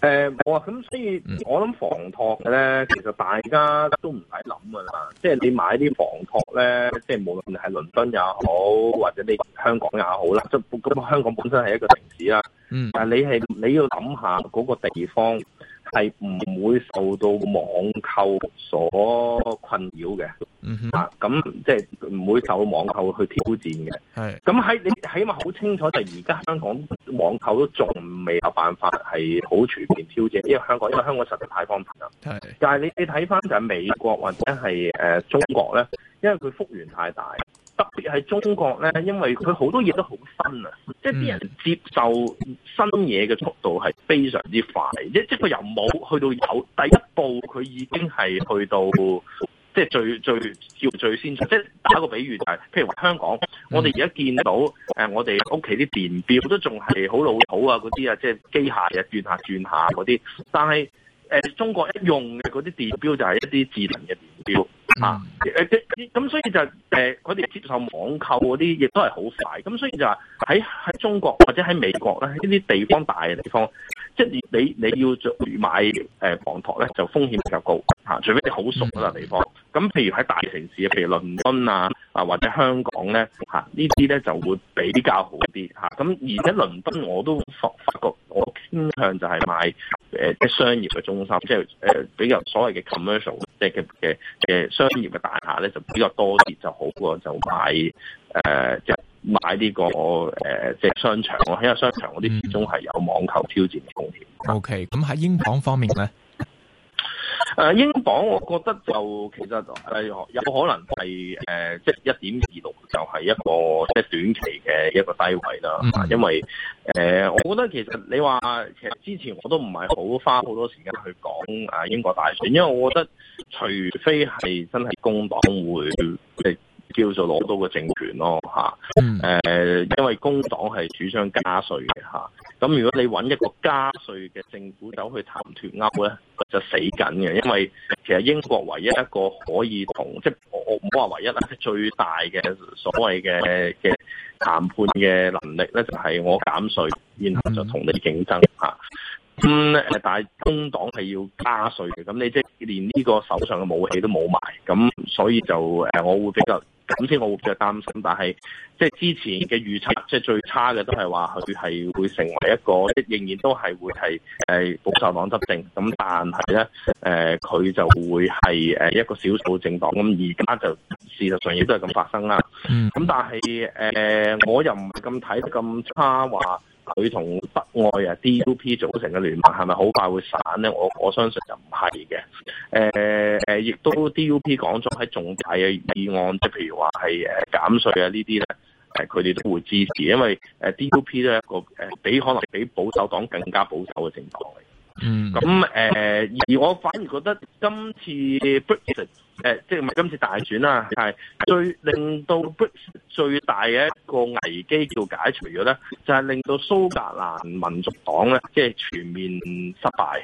誒、嗯，我、嗯、啊，咁所以我諗房託嘅咧，其實大家都唔使諗噶啦，即係你買啲房託咧，即係無論係倫敦也好，或者你香港也好啦，即咁香港本身係一個城市啦，嗯，但你係你要諗下嗰個地方係唔會受到網購所困擾嘅。嗯、啊，咁即係唔會受到網購去挑戰嘅。係，咁喺你起碼好清楚，就而家香港網購都仲未有辦法係好全面挑戰，因為香港因為香港實在太方便啦。係，但係你你睇返就係美國或者係誒、呃、中國咧，因為佢幅員太大，特別係中國咧，因為佢好多嘢都好新啊，即係啲人接受新嘢嘅速度係非常之快，嗯、即即係由冇去到有，第一步佢已經係去到。即係最最要最先，即打一個比喻就係譬如話香港，我哋而家見到誒、呃，我哋屋企啲電表都仲係好老土啊，嗰啲啊，即係機械啊，轉下轉下嗰啲。但係誒、呃，中國一用嘅嗰啲電表就係一啲智能嘅電表。啊！咁所以就誒，佢哋接受網購嗰啲，亦都係好快。咁所以就喺喺中國或者喺美國咧，呢啲地方大嘅地方，即係你你要做買誒房托咧，就風險比較高嚇。除非你好熟嗰笪地方。咁譬如喺大城市，譬如倫敦啊啊或者香港咧嚇，呢啲咧就會比較好啲嚇。咁而且倫敦我都發覺我傾向就係買。誒即係商業嘅中心，即係誒比較所謂嘅 commercial，即係嘅嘅嘅商業嘅大廈咧，就比較多啲就好過就買誒、呃、即係買呢、這個誒、呃、即係商場咯，因為商場嗰啲始終係有網購挑戰嘅風險。O K. 咁喺英港方面咧。誒英鎊，我覺得就其實有可能係誒即一點二六，就係一個即係短期嘅一個低位啦。因為我覺得其實你話其實之前我都唔係好花好多時間去講啊英國大選，因為我覺得除非係真係工黨會即叫做攞到個政權咯嚇。誒，因為工黨係主張加稅嘅嚇。咁如果你揾一個加稅嘅政府走去談脫歐呢，就死緊嘅，因為其實英國唯一一個可以同即係我唔好話唯一啦，即最大嘅所謂嘅嘅談判嘅能力呢，就係、是、我減稅，然後就同你競爭吓咁、嗯、但係工黨係要加稅嘅，咁你即係連呢個手上嘅武器都冇埋，咁所以就誒，我會比較。咁先我會著擔心，但係即係之前嘅預測，即係最差嘅都係話佢係會成為一個，即仍然都係會係誒保守黨執政。咁但係咧誒，佢、呃、就會係誒一個少數政黨。咁而家就事實上亦都係咁發生啦。咁、嗯、但係誒、呃，我又唔係咁睇得咁差話。佢同北愛啊 DUP 組成嘅聯盟係咪好快會散咧？我我相信就唔係嘅。誒、呃、誒，亦都 DUP 講咗喺重大嘅議案，即係譬如話係誒減稅啊呢啲咧，誒佢哋都會支持，因為誒 DUP 都係一個誒比可能比保守黨更加保守嘅政黨嚟。嗯。咁誒、呃，而我反而覺得今次。誒，即係唔係今次大選啦？係最令到最大嘅一個危機叫解除咗咧，就係令到蘇格蘭民族黨咧，即係全面失敗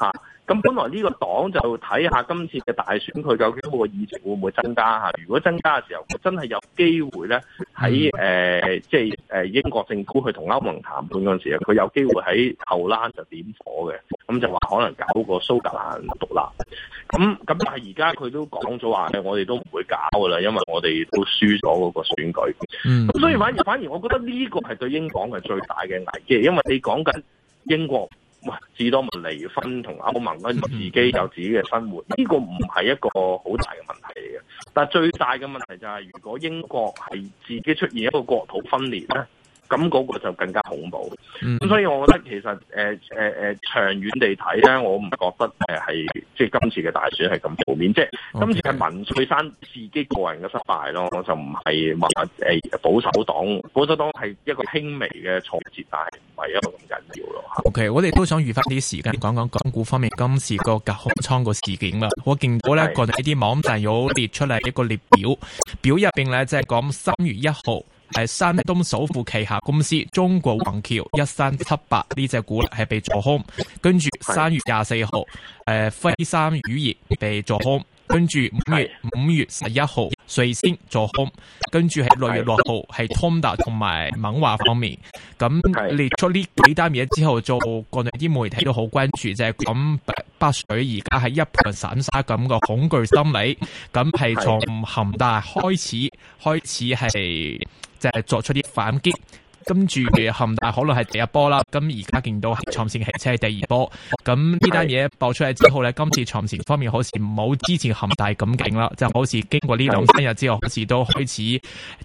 嚇。咁本來呢個黨就睇下今次嘅大選佢究竟個議席會唔會增加嚇？如果增加嘅時候，佢真係有機會咧，喺即係英國政府去同歐盟談判嗰陣時，佢有機會喺後欄就點火嘅，咁就話可能搞嗰個蘇格蘭獨立。咁咁但係而家佢都講咗話咧，我哋都唔會搞噶啦，因為我哋都輸咗嗰個選舉。咁、嗯、所以反而反而，我覺得呢個係對英國係最大嘅危機，因為你講緊英國。喂，至多咪離婚同歐盟咧，自己有自己嘅生活，呢個唔係一個好大嘅問題嚟嘅。但係最大嘅問題就係，如果英國係自己出現一個國土分裂咧。咁、那、嗰個就更加恐怖。咁、嗯、所以我覺得其實誒誒誒長遠地睇咧，我唔覺得誒係即係今次嘅大選係咁負面。即係今次係文翠珊自己個人嘅失敗咯，就唔係話保守黨，保守黨係一個輕微嘅挫折，但係唔係一個咁緊要咯。OK，我哋都想預翻啲時間講講港股方面今次個挾淡倉個事件啦。我見到咧，嗰啲呢啲網站有列出嚟一個列表，表入邊咧就係、是、講三月一號。係山東首富旗下公司中國宏橋一三七八呢隻股係被做空，跟住三月廿四號，誒、呃、輝山乳業被做空，跟住五月五月十一號瑞星做空，跟住係六月六號係通達同埋敏華方面，咁列出呢幾單嘢，之後，做國內啲媒體都好關注啫。咁、就是、北水而家係一盤散沙，咁個恐懼心理，咁係從恒大開始，開始係。就係、是、作出啲反擊，跟住恒大可能係第一波啦，咁而家見到係長城汽車係第二波，咁呢單嘢爆出嚟之後咧，今次長城方面好似唔好之前恒大咁勁啦，就好似經過呢兩三日之後，好似都開始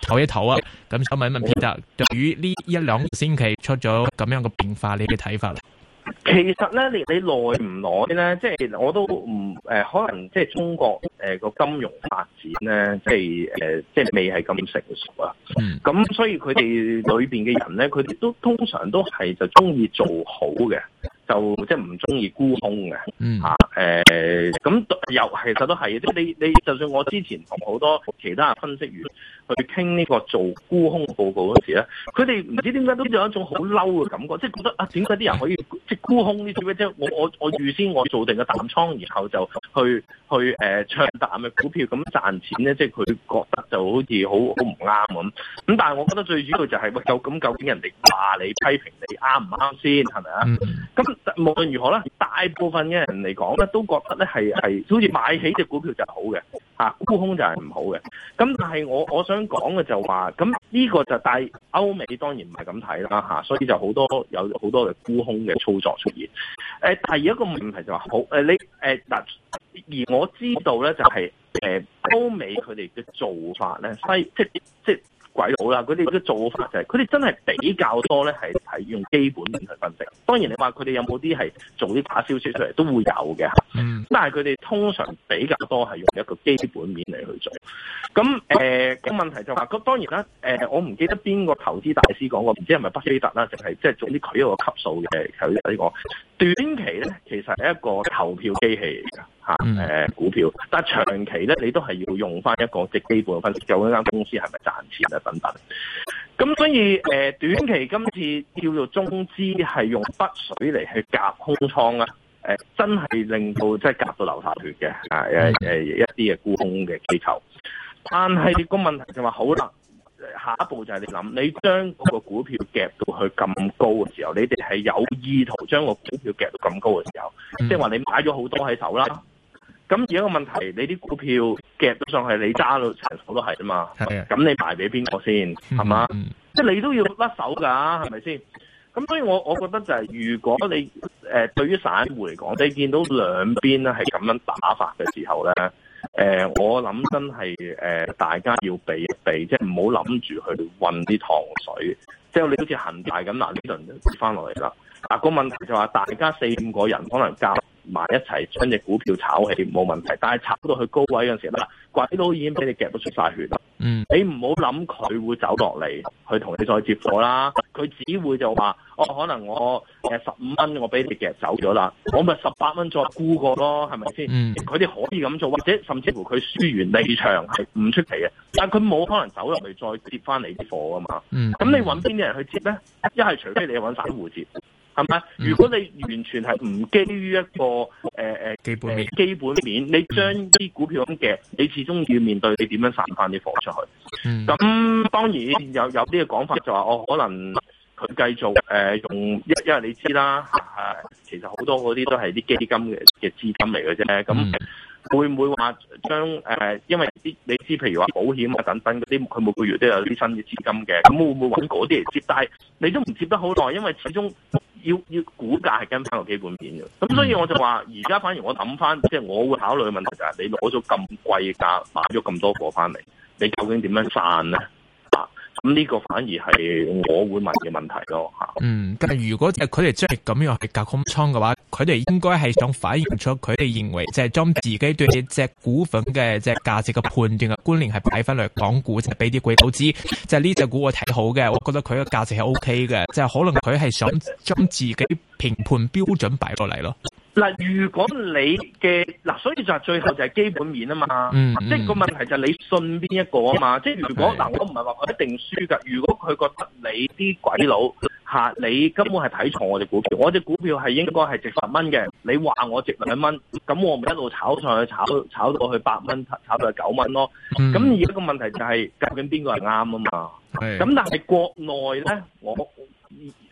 唞一唞啊，咁想問一問 Peter 對於呢一兩星期出咗咁樣嘅變化，你嘅睇法啦？其實咧，你你耐唔耐咧，即係我都唔誒、呃，可能即係中國誒個、呃、金融發展咧，即係誒、呃、即係未係咁成熟啊。咁所以佢哋裏面嘅人咧，佢哋都通常都係就中意做好嘅。就即係唔中意沽空嘅，吓、嗯、誒，咁、啊、又、呃、其實都係，即、就、係、是、你你就算我之前同好多其他分析員去傾呢個做沽空報告嗰時咧，佢哋唔知點解都有一種好嬲嘅感覺，即、就、係、是、覺得啊，點解啲人可以即係沽空呢種嘅啫？我我我預先我做定個淡倉，然後就去去誒、呃，唱淡嘅股票咁賺錢咧，即係佢覺得就好似好好唔啱咁。咁但係我覺得最主要就係、是、喂，咁究竟人哋話你批評你啱唔啱先，係咪啊？嗯咁，無論如何啦，大部分嘅人嚟講咧，都覺得咧，係係好似買起隻股票就好嘅，嚇沽空就係唔好嘅。咁但係我我想講嘅就話、是，咁呢個就帶、是、歐美當然唔係咁睇啦，所以就好多有好多嘅沽空嘅操作出現。誒，第二一個問題就話、是，好你誒嗱，而我知道咧就係、是、歐美佢哋嘅做法咧，即即即。鬼佬啦，佢哋嗰啲做法就係佢哋真係比較多咧，係用基本面去分析。當然你話佢哋有冇啲係做啲假消息出嚟都會有嘅。嗯，但係佢哋通常比較多係用一個基本面嚟去做。咁誒，咁、呃、問題就話、是、咁當然啦。誒、呃，我唔記得邊個投資大師講過，唔知係咪巴菲特啦，定係即係總之佢一個級數嘅佢呢個短期咧，其實係一個投票機器嚟㗎。吓，誒，股票，但係長期咧，你都係要用翻一個即係基本嘅分析，究竟間公司係咪賺錢啊？等等。咁所以誒、呃，短期今次叫做中資係用北水嚟去夾空倉、呃、啊，誒，真係令到即係夾到流下血嘅，係誒誒一啲嘅沽空嘅機構。但係個問題就話好啦，下一步就係你諗，你將個股票夾到去咁高嘅時候，你哋係有意圖將個股票夾到咁高嘅時候，即係話你買咗好多喺手啦。咁而家個問題，你啲股票夾到上去你揸到，成手都係啊嘛。咁你賣俾邊個先？係嘛？即、嗯、係、嗯就是、你都要甩手噶，係咪先？咁所以我我覺得就係，如果你誒、呃、對於散戶嚟講，你見到兩邊咧係咁樣打法嘅時候咧，誒、呃、我諗真係誒、呃、大家要避一避，即係唔好諗住去混啲糖水。即係你好似恒大咁，嗱呢輪跌翻落嚟啦。嗱、啊那個問題就話大家四五個人可能交埋一齊將隻股票炒起冇問題，但係炒到佢高位嗰陣時，啦鬼佬已經俾你夾到出晒血啦。嗯，你唔好諗佢會走落嚟去同你再接貨啦。佢只會就話：哦，可能我誒十五蚊我俾你夾走咗啦，我咪十八蚊再沽過咯，係咪先？嗯，佢哋可以咁做，或者甚至乎佢輸完離場係唔出奇嘅，但係佢冇可能走入嚟再接翻你啲貨噶嘛。嗯，咁你揾邊啲人去接咧？一係除非你揾散戶接。係咪？如果你完全係唔基於一個誒、呃、基本面，基本面，你將啲股票咁嘅、嗯，你始終要面對你點樣散翻啲貨出去。咁、嗯、當然有有啲嘅講法就話，我可能佢繼續誒用、呃，因因為你知啦，其實好多嗰啲都係啲基金嘅嘅資金嚟嘅啫。咁會唔會話將誒？因為啲你知，譬如話保險啊等等嗰啲，佢每個月都有啲新嘅資金嘅。咁會唔會揾嗰啲嚟接？但係你都唔接得好耐，因為始終。要要估價係跟翻個基本面嘅，咁所以我就話，而家反而我諗翻，即係我會考慮嘅問題就係，你攞咗咁貴價買咗咁多貨翻嚟，你究竟點樣散咧？咁、這、呢個反而係我會問嘅問題咯嚇。嗯，咁如果佢哋真係咁樣係隔空倉嘅話，佢哋應該係想反映出佢哋認為，就係將自己對隻股份嘅即係價值嘅判斷嘅觀念係擺翻嚟講股，就俾啲鬼佬知，就呢、是、隻股我睇好嘅，我覺得佢嘅價值係 O K 嘅，就是、可能佢係想將自己評判標準擺過嚟咯。嗱，如果你嘅嗱，所以就係最後就係基本面啊嘛，嗯嗯、即係個問題就係你信邊一個啊嘛，即係如果嗱，是我唔係話我一定輸㗎。如果佢覺得你啲鬼佬吓，你根本係睇錯我隻股票，我隻股票係應該係值十蚊嘅，你話我值兩蚊，咁我咪一路炒上去，炒炒到去八蚊，炒到去九蚊咯。咁、嗯、而家個問題就係究竟邊個係啱啊嘛？咁但係國內咧，我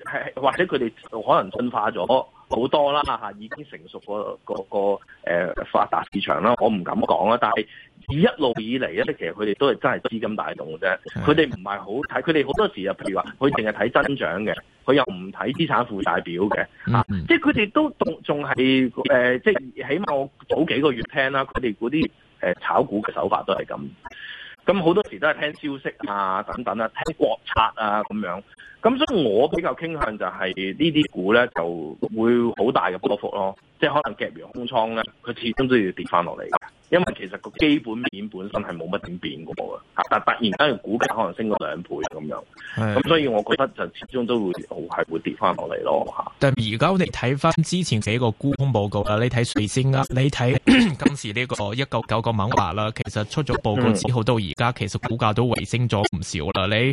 係或者佢哋可能進化咗。好多啦吓，已經成熟個個個誒發達市場啦，我唔敢講啊。但係一路以嚟咧，其實佢哋都係真係資金大動嘅啫。佢哋唔係好睇，佢哋好多時譬如話，佢淨係睇增長嘅，佢又唔睇資產負債表嘅。即係佢哋都仲仲係誒，即係起碼我早幾個月聽啦，佢哋嗰啲誒炒股嘅手法都係咁。咁好多時都係聽消息啊，等等啦，聽國策啊咁樣。咁所以，我比較傾向就係呢啲股咧就會好大嘅波幅咯，即係可能夾完空倉咧，佢始終都要跌翻落嚟嘅，因為其實個基本面本身係冇乜點變過嘅吓，但突然間嘅股價可能升過兩倍咁樣，咁所以我覺得就始終都會係會跌翻落嚟咯吓。但係而家我哋睇翻之前幾個沽空報告啊，你睇瑞星呀，你 睇今次呢個一九九個敏華啦，其實出咗報告之後到而家、嗯，其實股價都回升咗唔少啦。你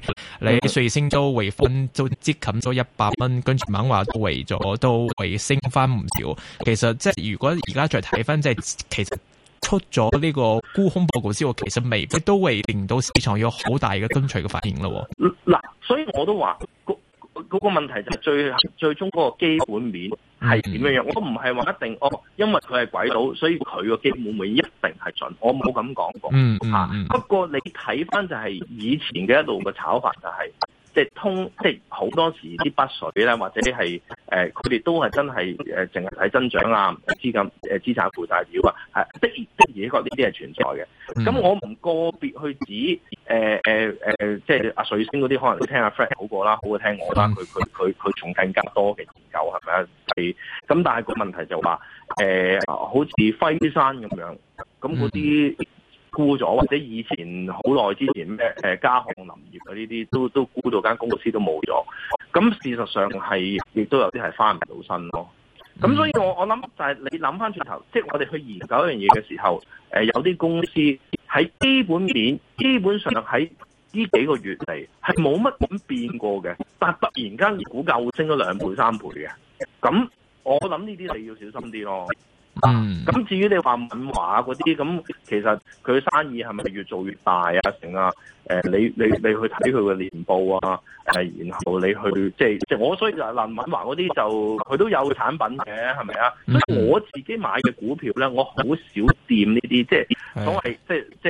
你瑞星都回就接近咗一百蚊，跟住猛話都為咗都為升翻唔少。其實即係如果而家再睇翻，即係其實出咗呢個沽空報告之後，其實未必都會令到市場有好大嘅跟隨嘅反應咯。嗱，所以我都話嗰、嗰個問題就係最最終嗰個基本面係點樣樣？嗯、我唔係話一定，哦，因為佢係鬼佬，所以佢個基本面一定係準。我冇咁講過吓、嗯啊嗯。不過你睇翻就係以前嘅一路嘅炒法就係、是。即係通，即係好多時啲筆水啦，或者啲係誒，佢、呃、哋都係真係誒，淨係睇增長資資產負債啊，資金誒，資產負債表啊，係的而的而呢呢啲係存在嘅。咁、嗯、我唔個別去指誒誒誒，即、呃、係、呃呃就是、阿水星嗰啲，可能都聽阿 Frank 好過啦，好過聽我啦。佢佢佢佢仲更加多嘅研究，係咪啊？係。咁但係個問題就話，誒、呃，好似輝山咁樣，咁嗰啲。嗯沽咗或者以前好耐之前咩？誒嘉漢林業嘅呢啲都都沽到間公司都冇咗。咁事實上係亦都有啲係翻唔到身咯。咁所以我我諗就係你諗翻轉頭，即係我哋去研究一樣嘢嘅時候，誒有啲公司喺基本面基本上喺呢幾個月嚟係冇乜咁變過嘅，但係突然間股價會升咗兩倍三倍嘅。咁我諗呢啲你要小心啲咯。嗯，咁至於你話敏華嗰啲，咁其實佢生意係咪越做越大啊？成啊，誒，你你你去睇佢嘅年報啊，誒、呃，然後你去即係即係我所以嗰啲就林敏華嗰啲就佢都有產品嘅，係咪啊？所以我自己買嘅股票咧，我好少掂呢啲，即係所謂即係即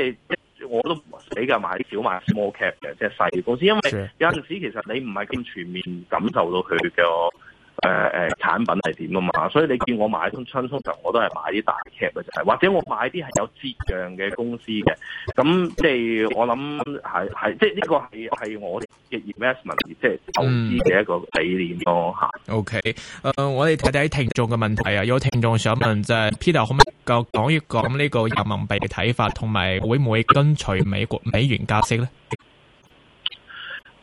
係，我都比較買啲小買 small cap 嘅，即係細公司，因為有陣時其實你唔係咁全面感受到佢嘅。誒、呃、誒、呃，產品係點啊嘛，所以你見我買通輕鬆就我都係買啲大劇嘅就係，或者我買啲係有質量嘅公司嘅，咁即係我諗係係，即係呢個係係我嘅 investment 即係投資嘅一個理念咯、啊、吓、嗯。OK，誒、呃、我哋睇睇聽眾嘅問題啊，有聽眾想問就係、是、Peter 可唔可以講一講呢個人民幣嘅睇法，同埋會唔會跟隨美國美元加息咧？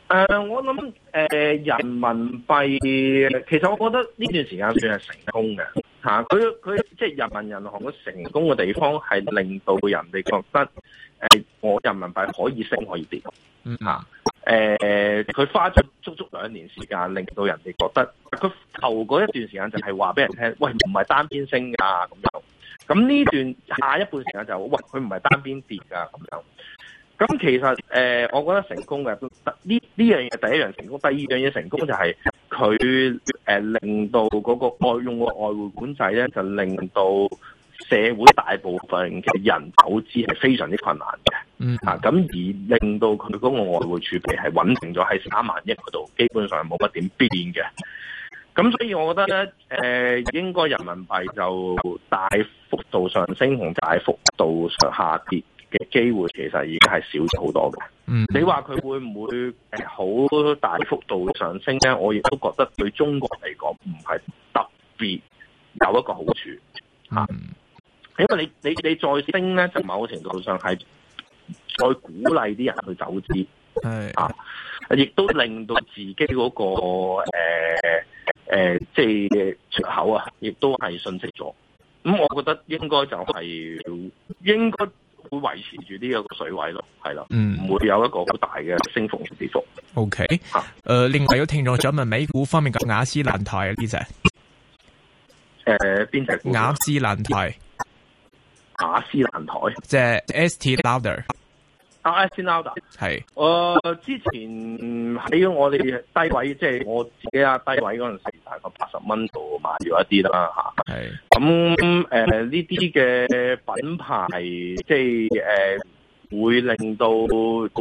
誒、呃，我諗誒、呃，人民幣其實我覺得呢段時間算係成功嘅吓，佢、啊、佢即係人民銀行嘅成功嘅地方係令到人哋覺得誒、呃，我人民幣可以升可以跌，吓、啊，誒、呃，佢花咗足足兩年時間令到人哋覺得，佢頭嗰一段時間就係話俾人聽，喂唔係單邊升噶咁樣，咁、啊、呢段下一半時間就喂佢唔係單邊跌噶咁樣。咁其實誒、呃，我覺得成功嘅，呢呢樣嘢第一樣成功，第二樣嘢成功就係佢、呃、令到嗰個用外用個外匯管制咧，就令到社會大部分嘅人投資係非常之困難嘅。咁、嗯啊、而令到佢嗰個外匯儲備係穩定咗喺三萬億嗰度，基本上冇乜點變嘅。咁所以我覺得咧，誒、呃、應該人民幣就大幅度上升同大幅度上下跌嘅機會其實而家係少咗好多嘅。嗯，你話佢會唔會誒好大幅度上升咧？我亦都覺得對中國嚟講唔係特別有一個好處嚇。因為你你你再升咧，就某程度上係再鼓勵啲人去走資。係啊，亦都令到自己嗰、那個誒、呃呃、即係出口啊，亦都係信息咗。咁我覺得應該就係應該會維持住呢個水位咯，係啦，嗯，唔會有一個好大嘅升幅跌幅。OK，誒，另外有聽眾想問美股方面嘅雅斯蘭台呢、啊、隻，誒，邊、呃、隻？雅斯蘭台，雅斯蘭台，即係 Estee Lauder，Estee Lauder，係。誒、就是啊呃，之前喺我哋低位，即、就、係、我自己啊，低位嗰陣時。大概八十蚊度買咗一啲啦嚇，咁誒呢啲嘅品牌即係誒、呃、會令到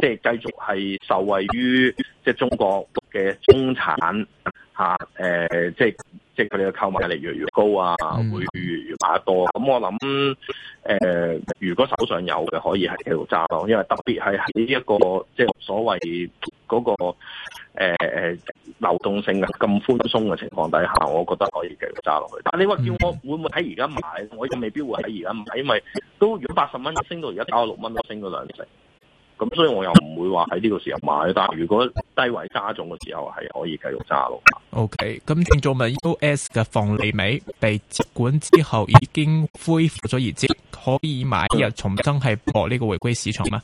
即係繼續係受惠於即係中國嘅中產嚇誒、啊呃，即係即係佢哋嘅購買力越嚟越高啊，會越嚟越買得多。咁、嗯嗯、我諗誒、呃，如果手上有嘅可以係繼續揸咯，因為特別係喺一個即係所謂嗰、嗰個。誒、嗯、誒流動性啊，咁寬鬆嘅情況底下，我覺得可以繼續揸落去。但係你話叫我會唔會喺而家買？我亦未必會喺而家買，因為都如果八十蚊升到而家九十六蚊，都升咗兩成。咁所以我又唔會話喺呢個時候買。但係如果低位揸中嘅時候，係可以繼續揸落去。OK，咁聽眾問 US 嘅房利美被接管之後已經恢復咗業績，可以買一日重新係博呢個回歸市場咩？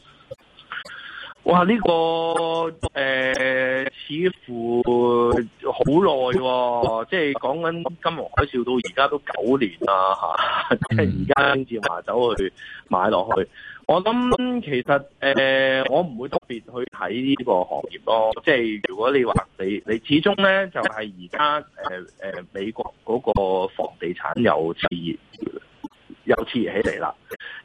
哇！呢，這個誒、呃、似乎好耐喎，即係講緊金融海嘯到而家都九年啦嚇，即係而家先至話走去買落去。我諗其實誒、呃，我唔會特別去睇呢個行業咯。即係如果你話你你始終咧就係而家誒美國嗰個房地產又熾熱，又熾熱起嚟啦。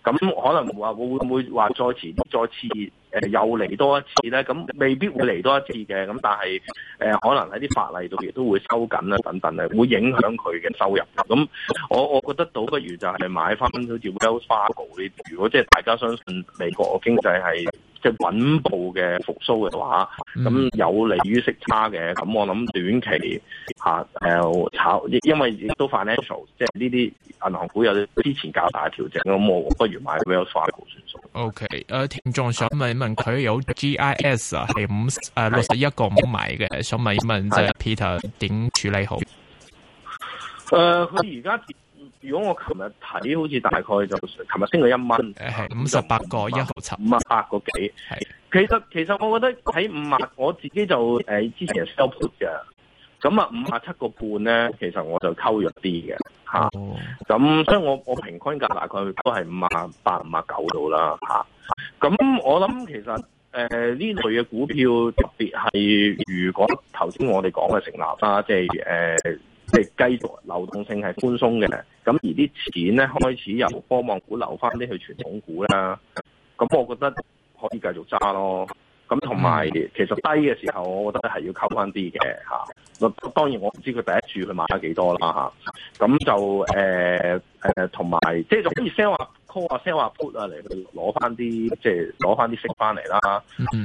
咁可能話會唔會話再遲啲？再次？誒又嚟多一次咧，咁未必會嚟多一次嘅，咁但係誒、呃、可能喺啲法例度亦都會收緊啦，等等咧，會影響佢嘅收入。咁我我覺得倒不如就係買翻好似 Wells Fargo 呢？如果即係大家相信美國經濟係，即係穩步嘅復甦嘅話，咁有利於息差嘅。咁我諗短期嚇誒、啊呃、炒，因為亦都 financial，即係呢啲銀行股有啲之前較大嘅調整咁，我不如買 Wells Fargo 算數。O K，誒聽眾想問問佢有 GIS 啊，係五誒六十一個冇買嘅，想問一問即係 Peter 點處理好？誒、呃，佢而家。如果我琴日睇，好似大概就琴日升咗一蚊，五十八個一毫七，五啊八個幾。其實其實我覺得喺五啊，我自己就誒、欸、之前收盤嘅，咁啊五啊七個半咧，其實我就溝咗啲嘅嚇。咁、哦啊、所以我我平均價大概都係五啊八五啊九度啦嚇。咁我諗其實誒呢、呃、類嘅股票，特別係如果頭先我哋講嘅成立啦，即係誒、呃、即係繼續流動性係寬鬆嘅。咁而啲錢咧開始由科網股留翻啲去傳統股啦，咁我覺得可以繼續揸咯。咁同埋其實低嘅時候，我覺得係要溝翻啲嘅嚇。當然我唔知佢第一注佢買咗幾多啦嚇。咁就誒同埋即係就可以 sell 啊 call 啊 sell 啊 put 啊嚟去攞翻啲即係攞翻啲息翻嚟啦。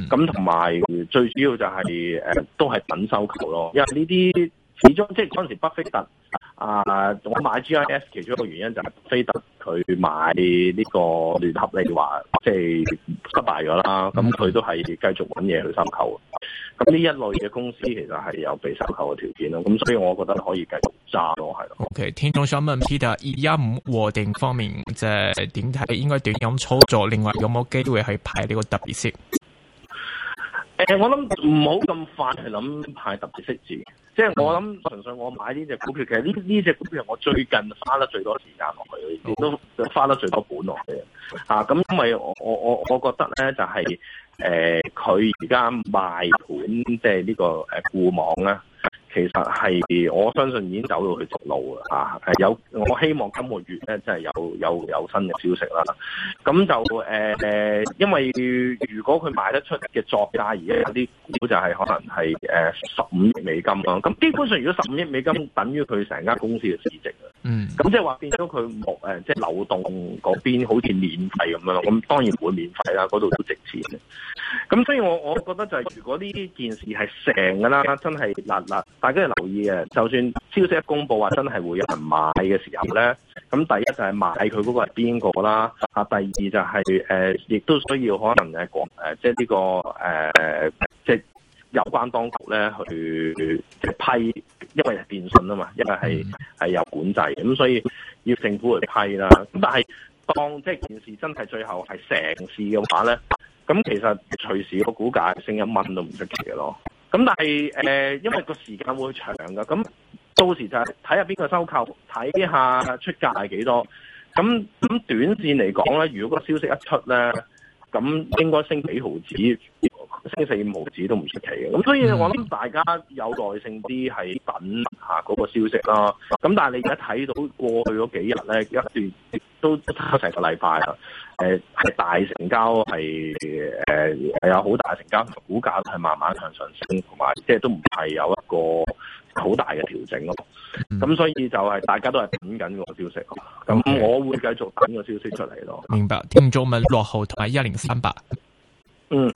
咁同埋最主要就係、是呃、都係等收購咯，因為呢啲始終即係嗰陣時北非特。啊！我買 G I S 其中一個原因就係菲特佢買呢個聯合利華即係失敗咗啦，咁佢都係繼續揾嘢去收購。咁呢一類嘅公司其實係有被收購嘅條件咯。咁所以我覺得可以繼續揸都係。OK，聽眾想問 Peter 二一五和定方面即係點睇？應該短暫操作，另外有冇機會去派呢個特別息？誒、欸，我諗唔好咁快去諗派特別息字。即、就、係、是、我諗純粹我買呢隻股票，其實呢呢隻股票我最近花得最多時間落去，亦都花得最多本落去啊！咁因為我我我我覺得咧就係、是、誒，佢而家賣盤即係呢個誒固網咧。其實係，我相信已經走到去直路啦嚇。係、啊、有，我希望今個月咧真係有有有新嘅消息啦。咁就誒誒、呃，因為如果佢賣得出嘅作價而家有啲，估就係可能係誒十五億美金咯。咁基本上，如果十五億美金等於佢成間公司嘅市值嗯。咁即係話變咗佢冇誒，即、就、係、是、流動嗰邊好似免費咁樣咯。咁當然唔會免費啦，嗰度都值錢嘅。咁所以我我覺得就係，如果呢件事係成㗎啦，真係嗱嗱，大家要留意嘅，就算消息一公布話真係會有人買嘅時候呢，咁第一就係買佢嗰個係邊個啦，啊第二就係呃，亦，呃，都需要可能係講即係呢個即係，呃呃，有關當局呢去批，因為係電訊啊嘛，因為係係有管制，咁所以要政府去批啦。咁但係當即係件事真係最後係成事嘅話呢。咁其實隨時個股價升一蚊都唔出奇嘅咯。咁但係誒，因為個時間會長噶，咁到時就係睇下邊個收購，睇下出價係幾多。咁咁短線嚟講咧，如果個消息一出咧，咁應該升幾毫子，升四五毫子都唔出奇嘅。咁所以我諗大家有耐性啲係等下嗰個消息啦。咁但係你而家睇到過去嗰幾日咧一段都差唔多成個禮拜啦。誒，係大成交，係誒，係有好大的成交，股價係慢慢向上升，同埋即係都唔係有一個好大嘅調整咯。咁、嗯、所以就係大家都係等緊個消息，咁我會繼續等個消息出嚟咯。明白，天早文落後同埋一零三八。嗯，誒、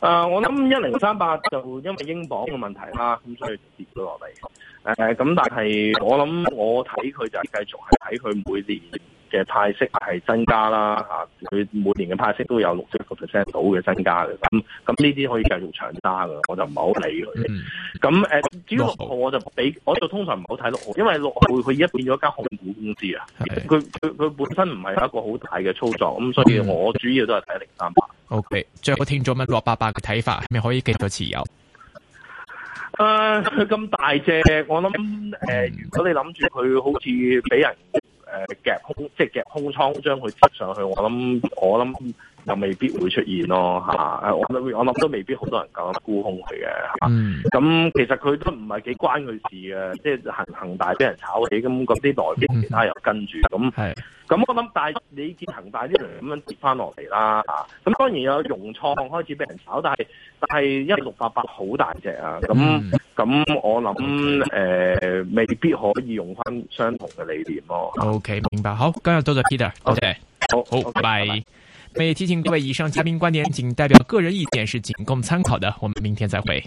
呃，我諗一零三八就因為英鎊嘅問題啦，咁所以跌咗落嚟。誒、呃，咁但係我諗我睇佢就係繼續係睇佢每年。嘅派息係增加啦，啊，佢每年嘅派息都有六七個 percent 到嘅增加嘅，咁咁呢啲可以繼續長揸噶，我就唔係好理佢。咁、嗯、誒，至於六號我就俾，我就通常唔好睇六號，因為六號佢而家變咗一間控股公司啊，佢佢佢本身唔係一個好大嘅操作，咁所以我主要都係睇零三八。OK，最後聽咗乜落八八嘅睇法，係咪可以繼續持有？誒、呃，咁大隻，我諗誒、呃，如果你諗住佢好似俾人。誒，夾空，即係夾空倉，將佢塞上去。我諗，我諗。就未必會出現咯嚇、啊，我諗我諗都未必好多人敢沽空佢嘅，咁、啊嗯嗯、其實佢都唔係幾關佢事嘅，即係恒大俾人炒起，咁啲內地其他又跟住，咁咁我諗，但係你見恒大啲人咁樣跌翻落嚟啦，咁、啊、當然有融創開始俾人炒，但係但係因為六八八好大隻啊，咁、嗯、咁我諗誒、呃、未必可以用翻相同嘅理念咯、嗯 okay，啊。OK 明白，好今日多謝 Peter，OK，好好，拜、okay。以提醒各位，以上嘉賓觀點僅代表個人意見，是僅供參考的。我們明天再會。